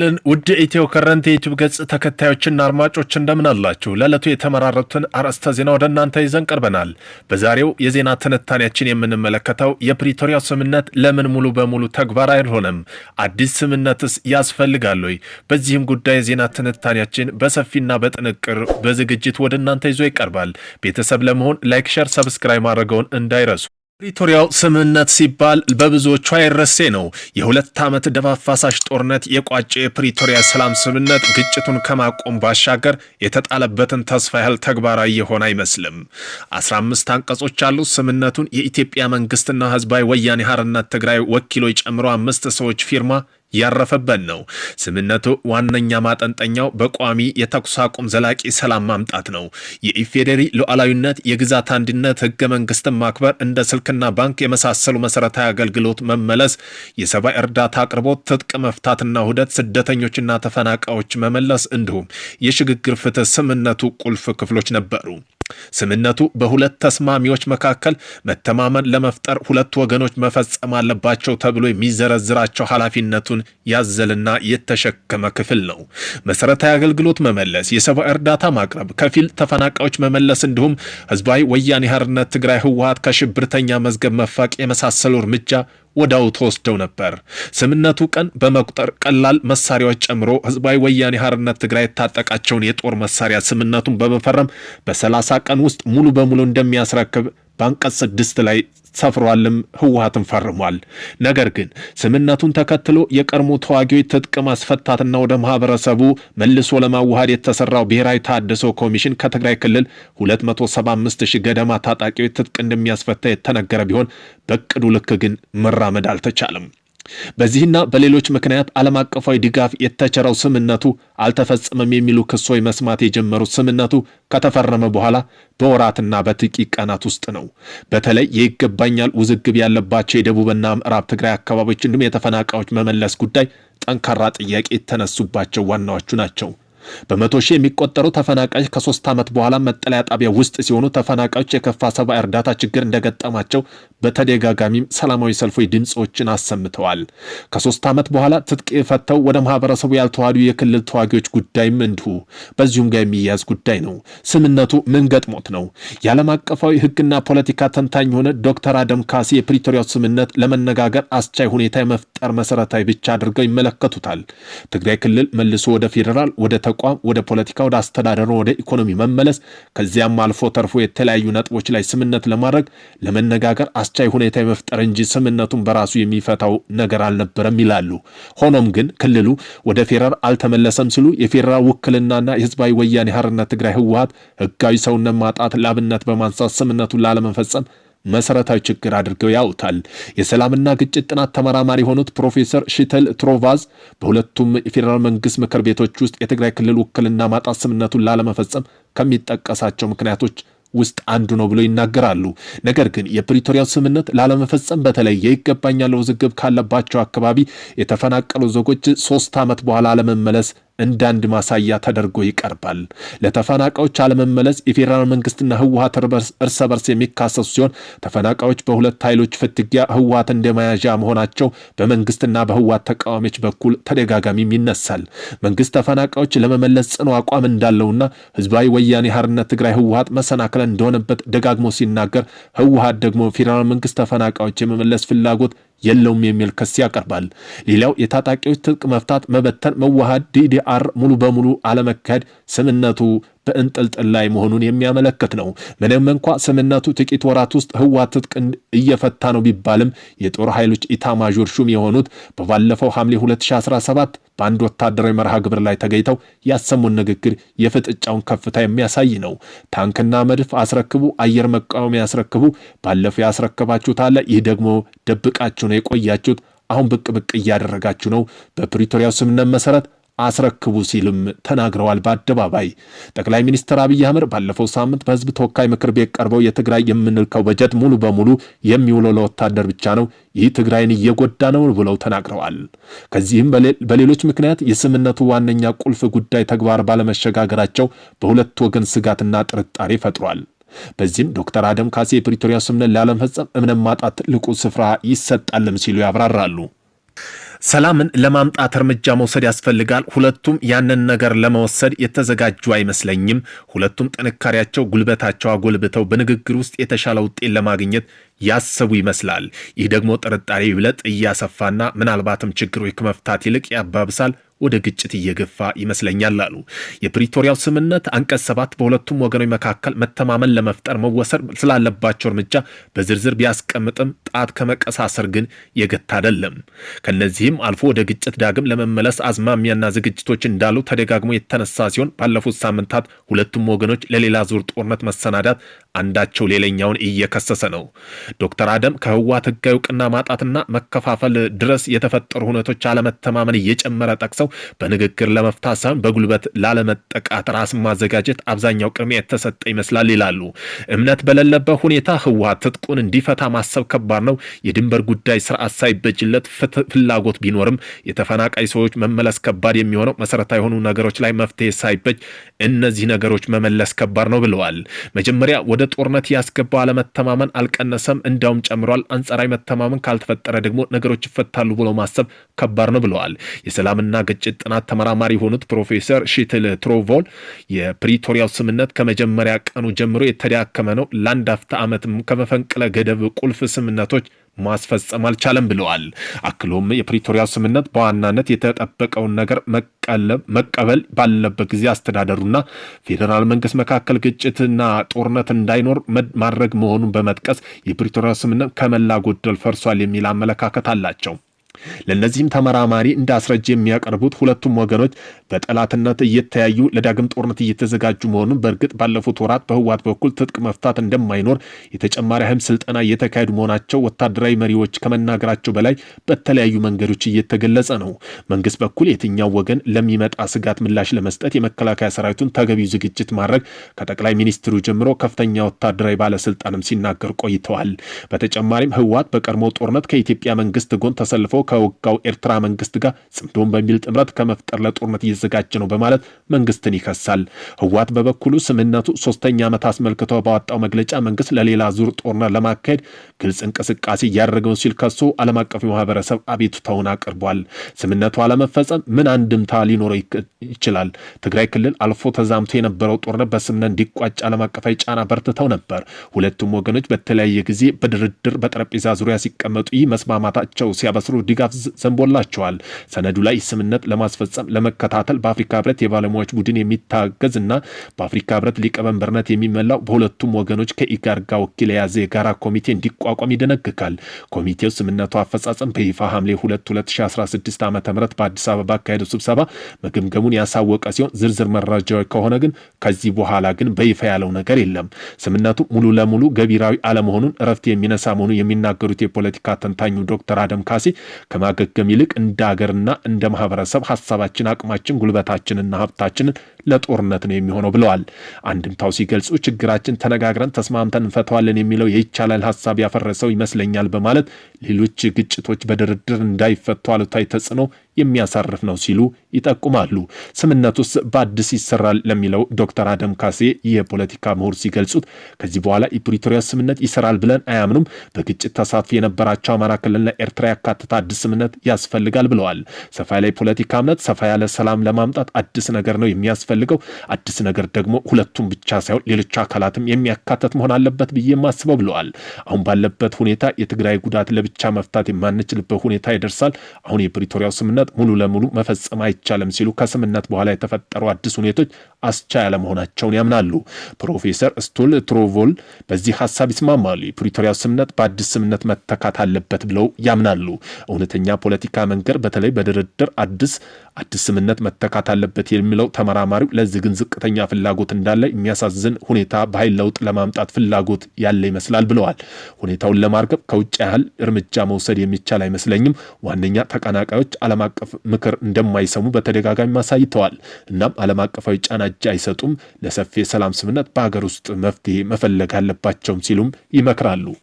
ይስጥልን ውድ ኢትዮ ከረንት የዩቱብ ገጽ ተከታዮችና አድማጮች እንደምን አላችሁ? ለዕለቱ የተመራረጡትን አርዕስተ ዜና ወደ እናንተ ይዘን ቀርበናል። በዛሬው የዜና ትንታኔያችን የምንመለከተው የፕሪቶሪያ ስምምነት ለምን ሙሉ በሙሉ ተግባር አይሆንም? አዲስ ስምምነትስ ያስፈልጋል ወይ? በዚህም ጉዳይ የዜና ትንታኔያችን በሰፊና በጥንቅር በዝግጅት ወደ እናንተ ይዞ ይቀርባል። ቤተሰብ ለመሆን ላይክ፣ ሸር፣ ሰብስክራይብ ማድረገውን እንዳይረሱ ፕሪቶሪያው ስምምነት ሲባል በብዙዎቹ አይረሴ ነው። የሁለት ዓመት ደም አፋሳሽ ጦርነት የቋጨ የፕሪቶሪያ ሰላም ስምምነት ግጭቱን ከማቆም ባሻገር የተጣለበትን ተስፋ ያህል ተግባራዊ የሆነ አይመስልም። 15 አንቀጾች ያሉት ስምምነቱን የኢትዮጵያ መንግስትና ህዝባዊ ወያኔ ሓርነት ትግራይ ወኪሎች ጨምሮ አምስት ሰዎች ፊርማ ያረፈበት ነው። ስምነቱ ዋነኛ ማጠንጠኛው በቋሚ የተኩስ አቁም ዘላቂ ሰላም ማምጣት ነው። የኢፌዴሪ ሉዓላዊነት፣ የግዛት አንድነት፣ ህገ መንግስትን ማክበር፣ እንደ ስልክና ባንክ የመሳሰሉ መሰረታዊ አገልግሎት መመለስ፣ የሰብአዊ እርዳታ አቅርቦት፣ ትጥቅ መፍታትና ውህደት፣ ስደተኞችና ተፈናቃዮች መመለስ እንዲሁም የሽግግር ፍትህ ስምነቱ ቁልፍ ክፍሎች ነበሩ። ስምነቱ በሁለት ተስማሚዎች መካከል መተማመን ለመፍጠር ሁለቱ ወገኖች መፈጸም አለባቸው ተብሎ የሚዘረዝራቸው ኃላፊነቱን ያዘልና የተሸከመ ክፍል ነው። መሰረታዊ አገልግሎት መመለስ፣ የሰብአዊ እርዳታ ማቅረብ፣ ከፊል ተፈናቃዮች መመለስ እንዲሁም ህዝባዊ ወያኔ ሓርነት ትግራይ ህወሀት ከሽብርተኛ መዝገብ መፋቅ የመሳሰሉ እርምጃ ወዳው ተወስደው ነበር። ስምነቱ ቀን በመቁጠር ቀላል መሳሪያዎች ጨምሮ ህዝባዊ ወያኔ ሀርነት ትግራይ የታጠቃቸውን የጦር መሳሪያ ስምነቱን በመፈረም በሰላሳ ቀን ውስጥ ሙሉ በሙሉ እንደሚያስረክብ በአንቀጽ ስድስት ላይ ሰፍሯልም ህወሀትን ፈርሟል። ነገር ግን ስምነቱን ተከትሎ የቀድሞ ተዋጊዎች ትጥቅ ማስፈታትና ወደ ማህበረሰቡ መልሶ ለማዋሃድ የተሰራው ብሔራዊ ታድሶ ኮሚሽን ከትግራይ ክልል 275 ሺህ ገደማ ታጣቂዎች ትጥቅ እንደሚያስፈታ የተነገረ ቢሆን በቅዱ ልክ ግን መራመድ አልተቻለም። በዚህና በሌሎች ምክንያት ዓለም አቀፋዊ ድጋፍ የተቸረው ስምነቱ አልተፈጸመም የሚሉ ክሶች መስማት የጀመሩት ስምነቱ ከተፈረመ በኋላ በወራትና በጥቂት ቀናት ውስጥ ነው። በተለይ የይገባኛል ውዝግብ ያለባቸው የደቡብና ምዕራብ ትግራይ አካባቢዎች እንዲሁም የተፈናቃዮች መመለስ ጉዳይ ጠንካራ ጥያቄ የተነሱባቸው ዋናዎቹ ናቸው። በመቶ ሺህ የሚቆጠሩ ተፈናቃዮች ከሶስት ዓመት በኋላ መጠለያ ጣቢያ ውስጥ ሲሆኑ ተፈናቃዮች የከፋ ሰብአዊ እርዳታ ችግር እንደገጠማቸው በተደጋጋሚም ሰላማዊ ሰልፎች ድምፆችን አሰምተዋል። ከሶስት ዓመት በኋላ ትጥቅ ፈተው ወደ ማህበረሰቡ ያልተዋዱ የክልል ተዋጊዎች ጉዳይም እንዲሁ በዚሁም ጋር የሚያያዝ ጉዳይ ነው። ስምነቱ ምን ገጥሞት ነው? የዓለም አቀፋዊ ሕግና ፖለቲካ ተንታኝ የሆነ ዶክተር አደም ካሴ የፕሪቶሪያው ስምነት ለመነጋገር አስቻይ ሁኔታ የመፍጠር መሰረታዊ ብቻ አድርገው ይመለከቱታል። ትግራይ ክልል መልሶ ወደ ፌዴራል ወደ ተቋም ወደ ፖለቲካ፣ ወደ አስተዳደሩ፣ ወደ ኢኮኖሚ መመለስ ከዚያም አልፎ ተርፎ የተለያዩ ነጥቦች ላይ ስምነት ለማድረግ ለመነጋገር አስቻይ ሁኔታ የመፍጠር እንጂ ስምነቱን በራሱ የሚፈታው ነገር አልነበረም ይላሉ። ሆኖም ግን ክልሉ ወደ ፌዴራል አልተመለሰም ሲሉ የፌዴራል ውክልናና የህዝባዊ ወያኔ ሓርነት ትግራይ ህወሀት ህጋዊ ሰውነት ማጣት ለአብነት በማንሳት ስምነቱን ላለመፈጸም መሰረታዊ ችግር አድርገው ያውታል። የሰላምና ግጭት ጥናት ተመራማሪ የሆኑት ፕሮፌሰር ሽተል ትሮቫዝ በሁለቱም የፌዴራል መንግስት ምክር ቤቶች ውስጥ የትግራይ ክልል ውክልና ማጣት ስምነቱን ላለመፈጸም ከሚጠቀሳቸው ምክንያቶች ውስጥ አንዱ ነው ብለው ይናገራሉ። ነገር ግን የፕሪቶሪያው ስምምነት ላለመፈጸም በተለይ የይገባኛል ውዝግብ ካለባቸው አካባቢ የተፈናቀሉ ዜጎች ሶስት ዓመት በኋላ አለመመለስ እንደ አንድ ማሳያ ተደርጎ ይቀርባል። ለተፈናቃዮች አለመመለስ የፌዴራል መንግስትና ህወሀት እርስ በርስ የሚካሰሱ ሲሆን ተፈናቃዮች በሁለት ኃይሎች ፍትጊያ ህወሀት እንደመያዣ መሆናቸው በመንግስትና በህወሀት ተቃዋሚዎች በኩል ተደጋጋሚም ይነሳል። መንግስት ተፈናቃዮች ለመመለስ ጽኑ አቋም እንዳለውና ህዝባዊ ወያኔ ሀርነት ትግራይ ህወሀት መሰናክለን እንደሆነበት ደጋግሞ ሲናገር፣ ህወሀት ደግሞ ፌዴራል መንግስት ተፈናቃዮች የመመለስ ፍላጎት የለውም የሚል ክስ ያቀርባል። ሌላው የታጣቂዎች ትጥቅ መፍታት፣ መበተን፣ መዋሃድ ዲዲአር ሙሉ በሙሉ አለመካሄድ ስምነቱ በእንጥልጥል ላይ መሆኑን የሚያመለክት ነው። ምንም እንኳ ስምነቱ ጥቂት ወራት ውስጥ ህወሓት ትጥቅ እየፈታ ነው ቢባልም የጦር ኃይሎች ኢታማዦር ሹም የሆኑት በባለፈው ሐምሌ 2017 በአንድ ወታደራዊ መርሃ ግብር ላይ ተገኝተው ያሰሙን ንግግር የፍጥጫውን ከፍታ የሚያሳይ ነው። ታንክና መድፍ አስረክቡ፣ አየር መቃወሚያ ያስረክቡ፣ ባለፈው ያስረከባችሁት አለ፣ ይህ ደግሞ ደብቃችሁ ነው የቆያችሁት፣ አሁን ብቅ ብቅ እያደረጋችሁ ነው። በፕሪቶሪያው ስምነት መሰረት አስረክቡ ሲልም ተናግረዋል። በአደባባይ ጠቅላይ ሚኒስትር አብይ አህመድ ባለፈው ሳምንት በህዝብ ተወካይ ምክር ቤት ቀርበው የትግራይ የምንልከው በጀት ሙሉ በሙሉ የሚውለው ለወታደር ብቻ ነው፣ ይህ ትግራይን እየጎዳ ነው ብለው ተናግረዋል። ከዚህም በሌሎች ምክንያት የስምነቱ ዋነኛ ቁልፍ ጉዳይ ተግባር ባለመሸጋገራቸው በሁለት ወገን ስጋትና ጥርጣሬ ፈጥሯል። በዚህም ዶክተር አደም ካሴ የፕሪቶሪያ ስምነት ላለመፈጸም እምነት ማጣት ትልቁ ስፍራ ይሰጣልም ሲሉ ያብራራሉ። ሰላምን ለማምጣት እርምጃ መውሰድ ያስፈልጋል። ሁለቱም ያንን ነገር ለመወሰድ የተዘጋጁ አይመስለኝም። ሁለቱም ጥንካሬያቸው፣ ጉልበታቸው አጎልብተው በንግግር ውስጥ የተሻለ ውጤት ለማግኘት ያሰቡ ይመስላል። ይህ ደግሞ ጥርጣሬ ይብለጥ እያሰፋና ምናልባትም ችግሮች ከመፍታት ይልቅ ያባብሳል ወደ ግጭት እየገፋ ይመስለኛል አሉ። የፕሪቶሪያው ስምምነት አንቀጽ ሰባት በሁለቱም ወገኖች መካከል መተማመን ለመፍጠር መወሰድ ስላለባቸው እርምጃ በዝርዝር ቢያስቀምጥም ጣት ከመቀሳሰር ግን የገታ አይደለም። ከነዚህም አልፎ ወደ ግጭት ዳግም ለመመለስ አዝማሚያና ዝግጅቶች እንዳሉ ተደጋግሞ የተነሳ ሲሆን ባለፉት ሳምንታት ሁለቱም ወገኖች ለሌላ ዙር ጦርነት መሰናዳት አንዳቸው ሌላኛውን እየከሰሰ ነው። ዶክተር አደም ከህወሓት ህጋዊ እውቅና ማጣትና መከፋፈል ድረስ የተፈጠሩ ሁነቶች አለመተማመን እየጨመረ ጠቅሰው በንግግር ለመፍታት ሳይሆን በጉልበት ላለመጠቃት ራስን ማዘጋጀት አብዛኛው ቅድሚያ የተሰጠ ይመስላል ይላሉ። እምነት በሌለበት ሁኔታ ህወሓት ትጥቁን እንዲፈታ ማሰብ ከባድ ነው። የድንበር ጉዳይ ስርዓት ሳይበጅለት ፍላጎት ቢኖርም የተፈናቃይ ሰዎች መመለስ ከባድ የሚሆነው መሰረታዊ የሆኑ ነገሮች ላይ መፍትሄ ሳይበጅ እነዚህ ነገሮች መመለስ ከባድ ነው ብለዋል። መጀመሪያ ወደ ጦርነት ያስገባው አለመተማመን አልቀነሰም፣ እንዲያውም ጨምሯል። አንጻራዊ መተማመን ካልተፈጠረ ደግሞ ነገሮች ይፈታሉ ብሎ ማሰብ ከባድ ነው ብለዋል። የሰላምና ግጭት ጥናት ተመራማሪ የሆኑት ፕሮፌሰር ሽትል ትሮቮል የፕሪቶሪያው ስምነት ከመጀመሪያ ቀኑ ጀምሮ የተዳከመ ነው፣ ለአንድ አፍታ ዓመትም ከመፈንቅለ ገደብ ቁልፍ ስምነቶች ማስፈጸም አልቻለም ብለዋል። አክሎም የፕሪቶሪያው ስምነት በዋናነት የተጠበቀውን ነገር መቀበል ባለበት ጊዜ አስተዳደሩና ፌዴራል መንግስት መካከል ግጭትና ጦርነት እንዳይኖር ማድረግ መሆኑን በመጥቀስ የፕሪቶሪያው ስምነት ከመላ ጎደል ፈርሷል የሚል አመለካከት አላቸው። ለእነዚህም ተመራማሪ እንደ አስረጅ የሚያቀርቡት ሁለቱም ወገኖች በጠላትነት እየተያዩ ለዳግም ጦርነት እየተዘጋጁ መሆኑን፣ በእርግጥ ባለፉት ወራት በህዋት በኩል ትጥቅ መፍታት እንደማይኖር የተጨማሪ ህም ስልጠና እየተካሄዱ መሆናቸው ወታደራዊ መሪዎች ከመናገራቸው በላይ በተለያዩ መንገዶች እየተገለጸ ነው። መንግስት በኩል የትኛው ወገን ለሚመጣ ስጋት ምላሽ ለመስጠት የመከላከያ ሰራዊቱን ተገቢው ዝግጅት ማድረግ ከጠቅላይ ሚኒስትሩ ጀምሮ ከፍተኛ ወታደራዊ ባለስልጣንም ሲናገር ቆይተዋል። በተጨማሪም ህዋት በቀድሞ ጦርነት ከኢትዮጵያ መንግስት ጎን ተሰልፈው ከወጋው ኤርትራ መንግስት ጋር ጽምዶን በሚል ጥምረት ከመፍጠር ለጦርነት እየዘጋጀ ነው በማለት መንግስትን ይከሳል። ህወሓት በበኩሉ ስምምነቱ ሶስተኛ ዓመት አስመልክቶ ባወጣው መግለጫ መንግስት ለሌላ ዙር ጦርነት ለማካሄድ ግልጽ እንቅስቃሴ እያደረገውን ሲል ከሶ ዓለም አቀፍ ማህበረሰብ አቤቱታውን አቅርቧል። ስምምነቱ አለመፈጸም ምን አንድምታ ሊኖረው ይችላል? ትግራይ ክልል አልፎ ተዛምቶ የነበረው ጦርነት በስምምነት እንዲቋጭ ዓለም አቀፋዊ ጫና በርትተው ነበር። ሁለቱም ወገኖች በተለያየ ጊዜ በድርድር በጠረጴዛ ዙሪያ ሲቀመጡ ይህ መስማማታቸው ሲያበስሩ ድጋፍ ዘንቦላቸዋል። ሰነዱ ላይ ስምነት ለማስፈጸም ለመከታተል በአፍሪካ ህብረት የባለሙያዎች ቡድን የሚታገዝ እና በአፍሪካ ህብረት ሊቀመንበርነት የሚመላው በሁለቱም ወገኖች ከኢጋድ ጋር ወኪል የያዘ የጋራ ኮሚቴ እንዲቋቋም ይደነግጋል። ኮሚቴው ስምነቱ አፈጻጸም በይፋ ሐምሌ 2 2016 ዓ ም በአዲስ አበባ አካሄደው ስብሰባ መገምገሙን ያሳወቀ ሲሆን ዝርዝር መረጃዎች ከሆነ ግን ከዚህ በኋላ ግን በይፋ ያለው ነገር የለም። ስምነቱ ሙሉ ለሙሉ ገቢራዊ አለመሆኑን እረፍት የሚነሳ መሆኑ የሚናገሩት የፖለቲካ ተንታኙ ዶክተር አደም ካሴ ከማገገም ይልቅ እንደ ሀገርና እንደ ማህበረሰብ ሀሳባችን፣ አቅማችን፣ ጉልበታችንና ሀብታችንን ለጦርነት ነው የሚሆነው ብለዋል። አንድምታው ሲገልጹ ችግራችን ተነጋግረን ተስማምተን እንፈተዋለን የሚለው የይቻላል ሀሳብ ያፈረሰው ይመስለኛል በማለት ሌሎች ግጭቶች በድርድር እንዳይፈቱ አሉታዊ ተጽዕኖ የሚያሳርፍ ነው ሲሉ ይጠቁማሉ። ስምነት ውስጥ በአዲስ ይሰራል ለሚለው ዶክተር አደም ካሴ የፖለቲካ ምሁር ሲገልጹት ከዚህ በኋላ የፕሪቶሪያ ስምነት ይሰራል ብለን አያምኑም። በግጭት ተሳትፎ የነበራቸው አማራ ክልልና ኤርትራ ያካትታ አዲስ አዲስ ስምነት ያስፈልጋል ብለዋል። ሰፋ ላይ የፖለቲካ እምነት፣ ሰፋ ያለ ሰላም ለማምጣት አዲስ ነገር ነው የሚያስፈልገው። አዲስ ነገር ደግሞ ሁለቱም ብቻ ሳይሆን ሌሎች አካላትም የሚያካተት መሆን አለበት ብዬ የማስበው ብለዋል። አሁን ባለበት ሁኔታ የትግራይ ጉዳት ለብቻ መፍታት የማንችልበት ሁኔታ ይደርሳል። አሁን የፕሪቶሪያው ስምነት ሙሉ ለሙሉ መፈጸም አይቻልም ሲሉ ከስምነት በኋላ የተፈጠሩ አዲስ ሁኔቶች አስቻ ያለመሆናቸውን ያምናሉ። ፕሮፌሰር ስቱል ትሮቮል በዚህ ሀሳብ ይስማማሉ። የፕሪቶሪያው ስምነት በአዲስ ስምነት መተካት አለበት ብለው ያምናሉ። በእውነተኛ ፖለቲካ መንገድ በተለይ በድርድር አዲስ አዲስ ስምነት መተካት አለበት የሚለው ተመራማሪው፣ ለዚህ ግን ዝቅተኛ ፍላጎት እንዳለ የሚያሳዝን ሁኔታ በኃይል ለውጥ ለማምጣት ፍላጎት ያለ ይመስላል ብለዋል። ሁኔታውን ለማርገብ ከውጭ ያህል እርምጃ መውሰድ የሚቻል አይመስለኝም። ዋነኛ ተቀናቃዮች ዓለም አቀፍ ምክር እንደማይሰሙ በተደጋጋሚ አሳይተዋል። እናም ዓለም አቀፋዊ ጫና እጅ አይሰጡም። ለሰፊ የሰላም ስምነት በሀገር ውስጥ መፍትሄ መፈለግ አለባቸውም ሲሉም ይመክራሉ።